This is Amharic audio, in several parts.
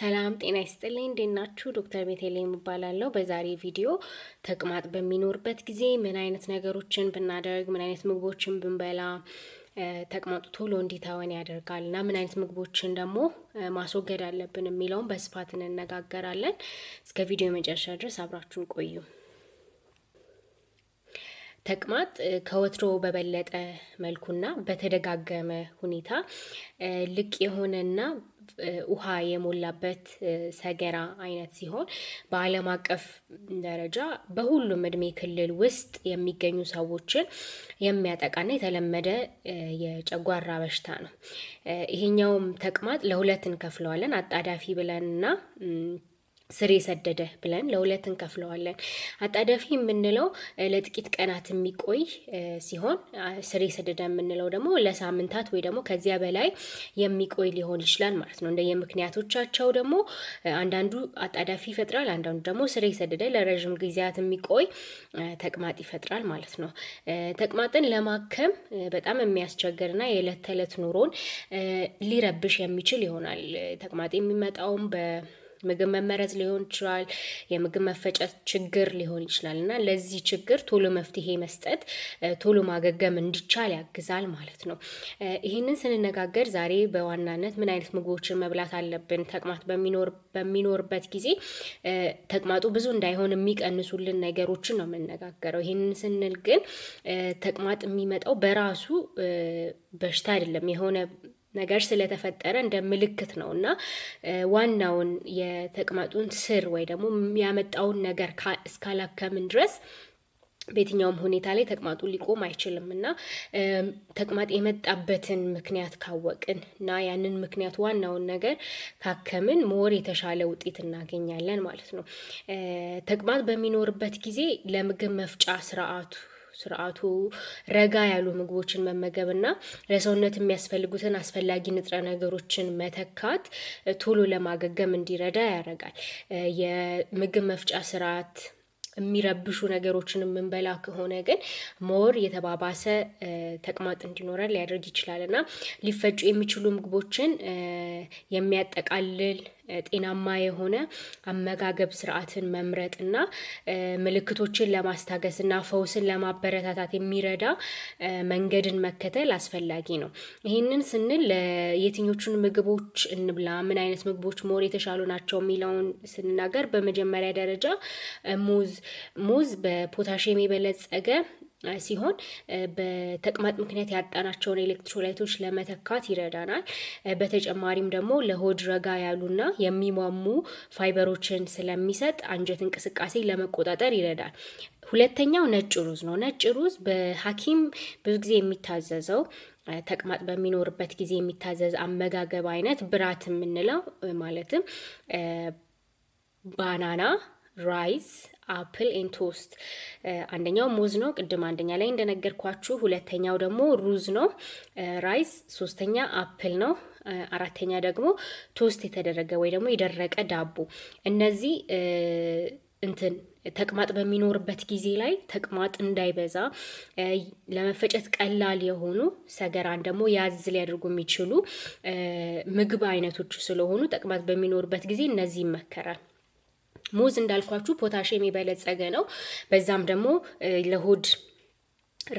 ሰላም ጤና ይስጥልኝ። እንዴት ናችሁ? ዶክተር ቤቴሌ እባላለሁ። በዛሬ ቪዲዮ ተቅማጥ በሚኖርበት ጊዜ ምን አይነት ነገሮችን ብናደርግ፣ ምን አይነት ምግቦችን ብንበላ ተቅማጡ ቶሎ እንዲተወን ያደርጋል እና ምን አይነት ምግቦችን ደግሞ ማስወገድ አለብን የሚለውን በስፋት እንነጋገራለን። እስከ ቪዲዮ የመጨረሻ ድረስ አብራችሁን ቆዩ። ተቅማጥ ከወትሮ በበለጠ መልኩና በተደጋገመ ሁኔታ ልቅ የሆነና ውሃ የሞላበት ሰገራ አይነት ሲሆን በዓለም አቀፍ ደረጃ በሁሉም እድሜ ክልል ውስጥ የሚገኙ ሰዎችን የሚያጠቃና የተለመደ የጨጓራ በሽታ ነው። ይሄኛውም ተቅማጥ ለሁለት እንከፍለዋለን። አጣዳፊ ብለንና ስር የሰደደ ብለን ለሁለት እንከፍለዋለን። አጣዳፊ የምንለው ለጥቂት ቀናት የሚቆይ ሲሆን ስር የሰደደ የምንለው ደግሞ ለሳምንታት ወይ ደግሞ ከዚያ በላይ የሚቆይ ሊሆን ይችላል ማለት ነው። እንደ ምክንያቶቻቸው ደግሞ አንዳንዱ አጣዳፊ ይፈጥራል፣ አንዳንዱ ደግሞ ስር የሰደደ ለረዥም ጊዜያት የሚቆይ ተቅማጥ ይፈጥራል ማለት ነው። ተቅማጥን ለማከም በጣም የሚያስቸግርና የዕለት ተዕለት ኑሮን ሊረብሽ የሚችል ይሆናል። ተቅማጥ የሚመጣውም በ ምግብ መመረዝ ሊሆን ይችላል። የምግብ መፈጨት ችግር ሊሆን ይችላል እና ለዚህ ችግር ቶሎ መፍትሄ መስጠት ቶሎ ማገገም እንዲቻል ያግዛል ማለት ነው። ይህንን ስንነጋገር ዛሬ በዋናነት ምን አይነት ምግቦችን መብላት አለብን ተቅማጥ በሚኖርበት ጊዜ ተቅማጡ ብዙ እንዳይሆን የሚቀንሱልን ነገሮችን ነው የምንነጋገረው ይህንን ስንል ግን ተቅማጥ የሚመጣው በራሱ በሽታ አይደለም የሆነ ነገር ስለተፈጠረ እንደ ምልክት ነው እና ዋናውን የተቅማጡን ስር ወይ ደግሞ የሚያመጣውን ነገር እስካላከምን ድረስ በየትኛውም ሁኔታ ላይ ተቅማጡ ሊቆም አይችልም እና ተቅማጥ የመጣበትን ምክንያት ካወቅን እና ያንን ምክንያት ዋናውን ነገር ካከምን ሞር የተሻለ ውጤት እናገኛለን ማለት ነው። ተቅማጥ በሚኖርበት ጊዜ ለምግብ መፍጫ ስርዓቱ ስርዓቱ ረጋ ያሉ ምግቦችን መመገብ እና ለሰውነት የሚያስፈልጉትን አስፈላጊ ንጥረ ነገሮችን መተካት ቶሎ ለማገገም እንዲረዳ ያደርጋል። የምግብ መፍጫ ስርዓት የሚረብሹ ነገሮችን የምንበላ ከሆነ ግን ሞር የተባባሰ ተቅማጥ እንዲኖረን ሊያደርግ ይችላል እና ሊፈጩ የሚችሉ ምግቦችን የሚያጠቃልል ጤናማ የሆነ አመጋገብ ስርዓትን መምረጥና ምልክቶችን ለማስታገስና ፈውስን ለማበረታታት የሚረዳ መንገድን መከተል አስፈላጊ ነው። ይህንን ስንል የትኞቹን ምግቦች እንብላ፣ ምን አይነት ምግቦች ሞር የተሻሉ ናቸው የሚለውን ስንናገር በመጀመሪያ ደረጃ ሙዝ ሙዝ በፖታሽም የበለጸገ ሲሆን በተቅማጥ ምክንያት ያጣናቸውን ኤሌክትሮላይቶች ለመተካት ይረዳናል። በተጨማሪም ደግሞ ለሆድ ረጋ ያሉና የሚሟሙ ፋይበሮችን ስለሚሰጥ አንጀት እንቅስቃሴ ለመቆጣጠር ይረዳል። ሁለተኛው ነጭ ሩዝ ነው። ነጭ ሩዝ በሐኪም ብዙ ጊዜ የሚታዘዘው ተቅማጥ በሚኖርበት ጊዜ የሚታዘዝ አመጋገብ አይነት ብራት የምንለው ማለትም ባናና ራይስ አፕል ኤን ቶስት። አንደኛው ሙዝ ነው፣ ቅድም አንደኛ ላይ እንደነገርኳችሁ። ሁለተኛው ደግሞ ሩዝ ነው፣ ራይስ። ሶስተኛ አፕል ነው። አራተኛ ደግሞ ቶስት የተደረገ ወይ ደግሞ የደረቀ ዳቦ። እነዚህ እንትን ተቅማጥ በሚኖርበት ጊዜ ላይ ተቅማጥ እንዳይበዛ ለመፈጨት ቀላል የሆኑ ሰገራን ደግሞ ያዝ ሊያደርጉ የሚችሉ ምግብ አይነቶች ስለሆኑ ተቅማጥ በሚኖርበት ጊዜ እነዚህ ይመከራል። ሙዝ እንዳልኳችሁ ፖታሽየም የበለጸገ ነው። በዛም ደግሞ ለሆድ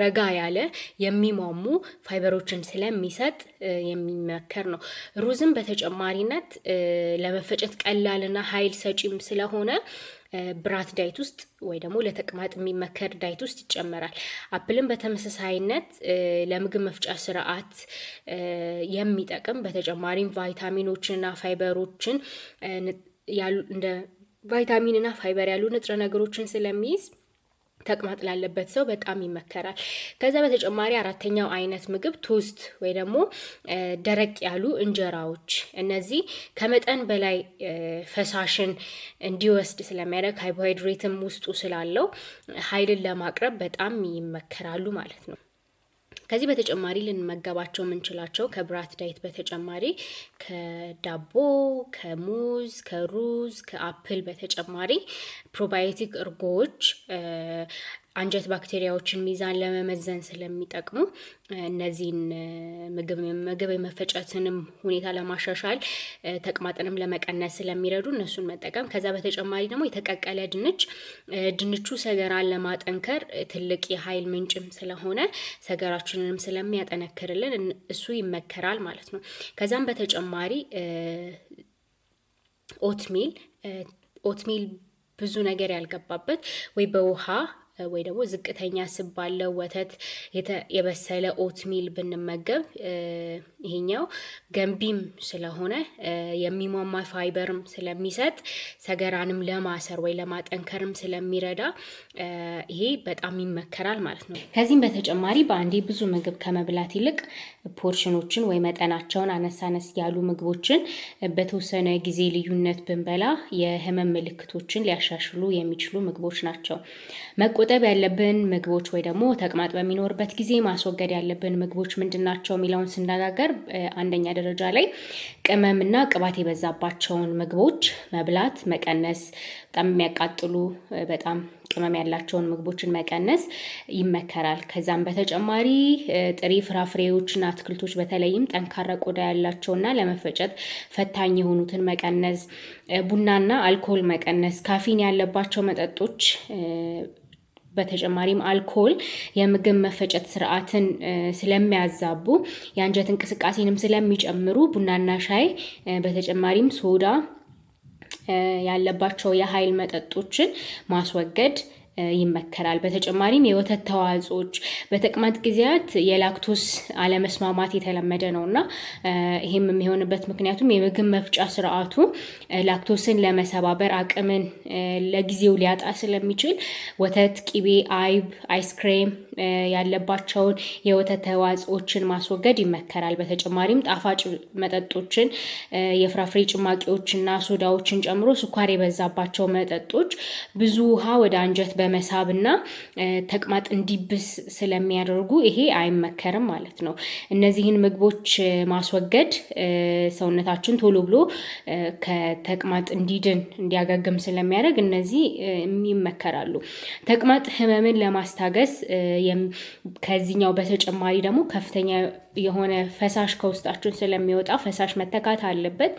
ረጋ ያለ የሚሟሙ ፋይበሮችን ስለሚሰጥ የሚመከር ነው። ሩዝም በተጨማሪነት ለመፈጨት ቀላልና ኃይል ሰጪም ስለሆነ ብራት ዳይት ውስጥ ወይ ደግሞ ለተቅማጥ የሚመከር ዳይት ውስጥ ይጨመራል። አፕልም በተመሳሳይነት ለምግብ መፍጫ ስርዓት የሚጠቅም በተጨማሪም ቫይታሚኖችንና ፋይበሮችን እንደ ቫይታሚን እና ፋይበር ያሉ ንጥረ ነገሮችን ስለሚይዝ ተቅማጥ ላለበት ሰው በጣም ይመከራል። ከዛ በተጨማሪ አራተኛው አይነት ምግብ ቶስት ወይ ደግሞ ደረቅ ያሉ እንጀራዎች፣ እነዚህ ከመጠን በላይ ፈሳሽን እንዲወስድ ስለሚያደርግ ካርቦሃይድሬትም ውስጡ ስላለው ኃይልን ለማቅረብ በጣም ይመከራሉ ማለት ነው። ከዚህ በተጨማሪ ልንመገባቸው የምንችላቸው ከብራት ዳይት በተጨማሪ ከዳቦ፣ ከሙዝ፣ ከሩዝ፣ ከአፕል በተጨማሪ ፕሮባዮቲክ እርጎዎች አንጀት ባክቴሪያዎችን ሚዛን ለመመዘን ስለሚጠቅሙ እነዚህን ምግብ ምግብ የመፈጨትንም ሁኔታ ለማሻሻል ተቅማጥንም ለመቀነስ ስለሚረዱ እነሱን መጠቀም። ከዛ በተጨማሪ ደግሞ የተቀቀለ ድንች ድንቹ ሰገራን ለማጠንከር ትልቅ የኃይል ምንጭም ስለሆነ ሰገራችንንም ስለሚያጠነክርልን እሱ ይመከራል ማለት ነው። ከዛም በተጨማሪ ኦትሚል ኦትሚል ብዙ ነገር ያልገባበት ወይ በውሃ ወይ ደግሞ ዝቅተኛ ስብ ባለው ወተት የበሰለ ኦትሚል ብንመገብ ይሄኛው ገንቢም ስለሆነ የሚሟማ ፋይበርም ስለሚሰጥ ሰገራንም ለማሰር ወይ ለማጠንከርም ስለሚረዳ ይሄ በጣም ይመከራል ማለት ነው። ከዚህም በተጨማሪ በአንዴ ብዙ ምግብ ከመብላት ይልቅ ፖርሽኖችን ወይ መጠናቸውን አነሳነስ ያሉ ምግቦችን በተወሰነ ጊዜ ልዩነት ብንበላ የህመም ምልክቶችን ሊያሻሽሉ የሚችሉ ምግቦች ናቸው። መቆጠብ ያለብን ምግቦች ወይ ደግሞ ተቅማጥ በሚኖርበት ጊዜ ማስወገድ ያለብን ምግቦች ምንድን ናቸው የሚለውን ስነጋገር አንደኛ ደረጃ ላይ ቅመምና ቅባት የበዛባቸውን ምግቦች መብላት መቀነስ፣ በጣም የሚያቃጥሉ በጣም ቅመም ያላቸውን ምግቦችን መቀነስ ይመከራል። ከዛም በተጨማሪ ጥሬ ፍራፍሬዎችና አትክልቶች በተለይም ጠንካራ ቆዳ ያላቸውና ለመፈጨት ፈታኝ የሆኑትን መቀነስ፣ ቡናና አልኮል መቀነስ፣ ካፊን ያለባቸው መጠጦች በተጨማሪም አልኮል የምግብ መፈጨት ስርዓትን ስለሚያዛቡ የአንጀት እንቅስቃሴንም ስለሚጨምሩ ቡናና ሻይ በተጨማሪም ሶዳ ያለባቸው የኃይል መጠጦችን ማስወገድ ይመከራል። በተጨማሪም የወተት ተዋጽኦች በተቅማጥ ጊዜያት የላክቶስ አለመስማማት የተለመደ ነው እና ይህም የሚሆንበት ምክንያቱም የምግብ መፍጫ ስርዓቱ ላክቶስን ለመሰባበር አቅምን ለጊዜው ሊያጣ ስለሚችል ወተት፣ ቂቤ አይብ፣ አይስክሬም ያለባቸውን የወተት ተዋጽኦችን ማስወገድ ይመከራል። በተጨማሪም ጣፋጭ መጠጦችን፣ የፍራፍሬ ጭማቂዎችና ሶዳዎችን ጨምሮ ስኳር የበዛባቸው መጠጦች ብዙ ውሃ ወደ አንጀት በመሳብና ተቅማጥ እንዲብስ ስለሚያደርጉ ይሄ አይመከርም ማለት ነው። እነዚህን ምግቦች ማስወገድ ሰውነታችን ቶሎ ብሎ ከተቅማጥ እንዲድን እንዲያገግም ስለሚያደርግ እነዚህ ይመከራሉ። ተቅማጥ ህመምን ለማስታገስ ከዚህኛው በተጨማሪ ደግሞ ከፍተኛ የሆነ ፈሳሽ ከውስጣችን ስለሚወጣ ፈሳሽ መተካት አለበት።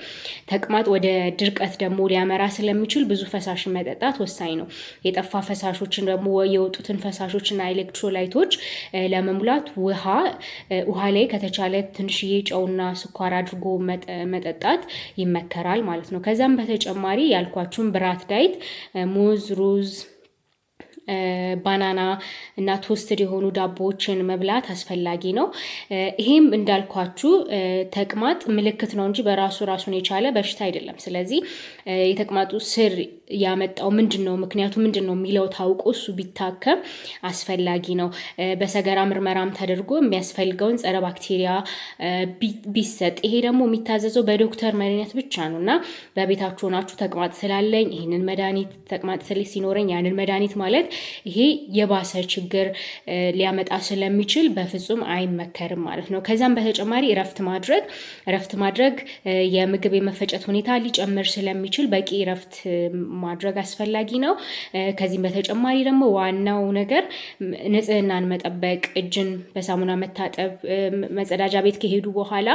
ተቅማጥ ወደ ድርቀት ደግሞ ሊያመራ ስለሚችል ብዙ ፈሳሽን መጠጣት ወሳኝ ነው። የጠፋ ፈሳሾችን ደግሞ የወጡትን ፈሳሾችና ኤሌክትሮላይቶች ለመሙላት ውሃ ውሃ ላይ ከተቻለ ትንሽዬ ጨውና ስኳር አድርጎ መጠጣት ይመከራል ማለት ነው። ከዛም በተጨማሪ ያልኳችሁን ብራት ዳይት ሙዝ፣ ሩዝ ባናና እና ቶስትድ የሆኑ ዳቦዎችን መብላት አስፈላጊ ነው። ይሄም እንዳልኳችሁ ተቅማጥ ምልክት ነው እንጂ በራሱ ራሱን የቻለ በሽታ አይደለም። ስለዚህ የተቅማጡ ስር ያመጣው ምንድን ነው፣ ምክንያቱ ምንድን ነው የሚለው ታውቆ እሱ ቢታከም አስፈላጊ ነው። በሰገራ ምርመራም ተደርጎ የሚያስፈልገውን ጸረ ባክቴሪያ ቢሰጥ፣ ይሄ ደግሞ የሚታዘዘው በዶክተር መድኃኒት ብቻ ነው እና በቤታችሁ ሆናችሁ ተቅማጥ ስላለኝ ይህንን መድኃኒት ተቅማጥ ስል ሲኖረኝ ያንን መድኃኒት ማለት ይሄ የባሰ ችግር ሊያመጣ ስለሚችል በፍጹም አይመከርም ማለት ነው። ከዚያም በተጨማሪ እረፍት ማድረግ እረፍት ማድረግ የምግብ የመፈጨት ሁኔታ ሊጨምር ስለሚችል በቂ እረፍት ማድረግ አስፈላጊ ነው። ከዚህም በተጨማሪ ደግሞ ዋናው ነገር ንጽህናን መጠበቅ፣ እጅን በሳሙና መታጠብ፣ መጸዳጃ ቤት ከሄዱ በኋላ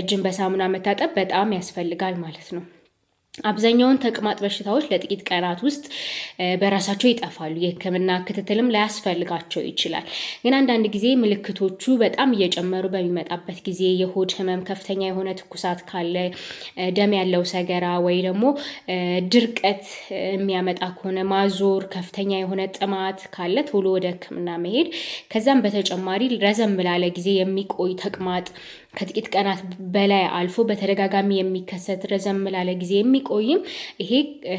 እጅን በሳሙና መታጠብ በጣም ያስፈልጋል ማለት ነው። አብዛኛውን ተቅማጥ በሽታዎች ለጥቂት ቀናት ውስጥ በራሳቸው ይጠፋሉ። የሕክምና ክትትልም ላያስፈልጋቸው ይችላል። ግን አንዳንድ ጊዜ ምልክቶቹ በጣም እየጨመሩ በሚመጣበት ጊዜ የሆድ ህመም፣ ከፍተኛ የሆነ ትኩሳት ካለ፣ ደም ያለው ሰገራ ወይ ደግሞ ድርቀት የሚያመጣ ከሆነ ማዞር፣ ከፍተኛ የሆነ ጥማት ካለ ቶሎ ወደ ሕክምና መሄድ ከዛም በተጨማሪ ረዘም ላለ ጊዜ የሚቆይ ተቅማጥ ከጥቂት ቀናት በላይ አልፎ በተደጋጋሚ የሚከሰት ረዘም ላለ ጊዜ የሚቆይም ይሄ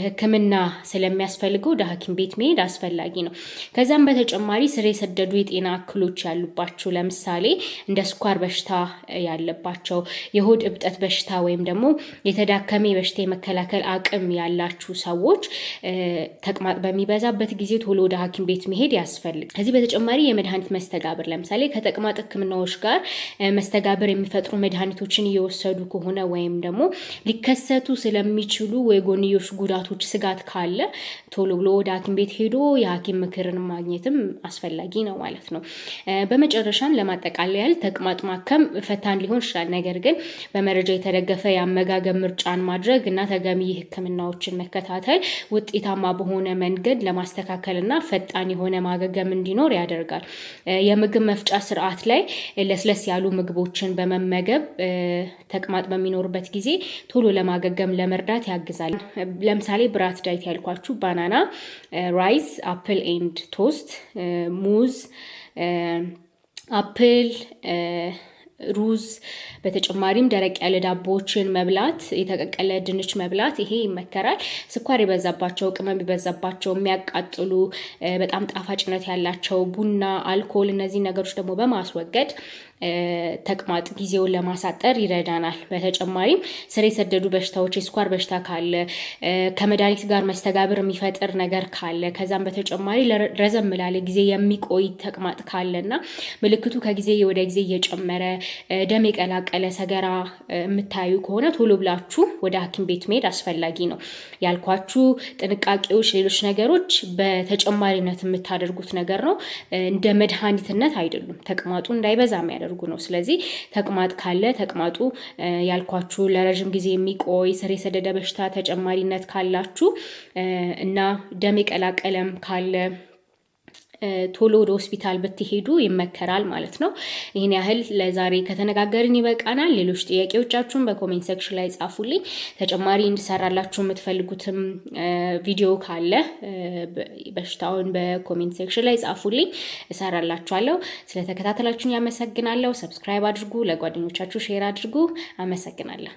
ሕክምና ስለሚያስፈልገው ወደ ሐኪም ቤት መሄድ አስፈላጊ ነው። ከዚያም በተጨማሪ ስር የሰደዱ የጤና እክሎች ያሉባቸው ለምሳሌ እንደ ስኳር በሽታ ያለባቸው፣ የሆድ እብጠት በሽታ ወይም ደግሞ የተዳከመ በሽታ የመከላከል አቅም ያላችሁ ሰዎች ተቅማጥ በሚበዛበት ጊዜ ቶሎ ወደ ሐኪም ቤት መሄድ ያስፈልግ። ከዚህ በተጨማሪ የመድኃኒት መስተጋብር ለምሳሌ ከተቅማጥ ሕክምናዎች ጋር መስተጋብር የሚፈጥሩ መድኃኒቶችን እየወሰዱ ከሆነ ወይም ደግሞ ሊከሰቱ ስለሚችሉ የጎንዮሽ ጉዳቶች ስጋት ካለ ቶሎ ብሎ ወደ ሐኪም ቤት ሄዶ የሐኪም ምክርን ማግኘትም አስፈላጊ ነው ማለት ነው። በመጨረሻም ለማጠቃለያ ያህል ተቅማጥ ማከም ፈታን ሊሆን ይችላል። ነገር ግን በመረጃ የተደገፈ የአመጋገብ ምርጫን ማድረግ እና ተገቢ ሕክምናዎችን መከታተል ውጤታማ በሆነ መንገድ ለማስተካከል እና ፈጣን የሆነ ማገገም እንዲኖር ያደርጋል። የምግብ መፍጫ ስርዓት ላይ ለስለስ ያሉ ምግቦችን በመ መመገብ ተቅማጥ በሚኖርበት ጊዜ ቶሎ ለማገገም ለመርዳት ያግዛል። ለምሳሌ ብራት ዳይት ያልኳችሁ ባናና፣ ራይስ፣ አፕል ኤንድ ቶስት፣ ሙዝ፣ አፕል ሩዝ በተጨማሪም ደረቅ ያለ ዳቦዎችን መብላት፣ የተቀቀለ ድንች መብላት፣ ይሄ ይመከራል። ስኳር የበዛባቸው፣ ቅመም የበዛባቸው፣ የሚያቃጥሉ በጣም ጣፋጭነት ያላቸው ቡና፣ አልኮል እነዚህ ነገሮች ደግሞ በማስወገድ ተቅማጥ ጊዜውን ለማሳጠር ይረዳናል። በተጨማሪም ስር የሰደዱ በሽታዎች፣ የስኳር በሽታ ካለ ከመድኃኒት ጋር መስተጋብር የሚፈጥር ነገር ካለ ከዛም በተጨማሪ ረዘም ላለ ጊዜ የሚቆይ ተቅማጥ እና ምልክቱ ከጊዜ ወደ ጊዜ እየጨመረ ደም የቀላቀለ ሰገራ የምታዩ ከሆነ ቶሎ ብላችሁ ወደ ሐኪም ቤት መሄድ አስፈላጊ ነው። ያልኳችሁ ጥንቃቄዎች፣ ሌሎች ነገሮች በተጨማሪነት የምታደርጉት ነገር ነው። እንደ መድኃኒትነት አይደሉም። ተቅማጡ እንዳይበዛ የሚያደርጉ የሚያደርጉ ነው። ስለዚህ ተቅማጥ ካለ ተቅማጡ ያልኳችሁ ለረዥም ጊዜ የሚቆይ ስር የሰደደ በሽታ ተጨማሪነት ካላችሁ እና ደም የቀላቀለም ካለ ቶሎ ወደ ሆስፒታል ብትሄዱ ይመከራል ማለት ነው። ይህን ያህል ለዛሬ ከተነጋገርን ይበቃናል። ሌሎች ጥያቄዎቻችሁን በኮሜንት ሴክሽን ላይ ጻፉልኝ። ተጨማሪ እንድሰራላችሁ የምትፈልጉትም ቪዲዮ ካለ በሽታውን በኮሜንት ሴክሽን ላይ ጻፉልኝ፣ እሰራላችኋለሁ። ስለተከታተላችሁን ያመሰግናለሁ። ሰብስክራይብ አድርጉ፣ ለጓደኞቻችሁ ሼር አድርጉ። አመሰግናለሁ።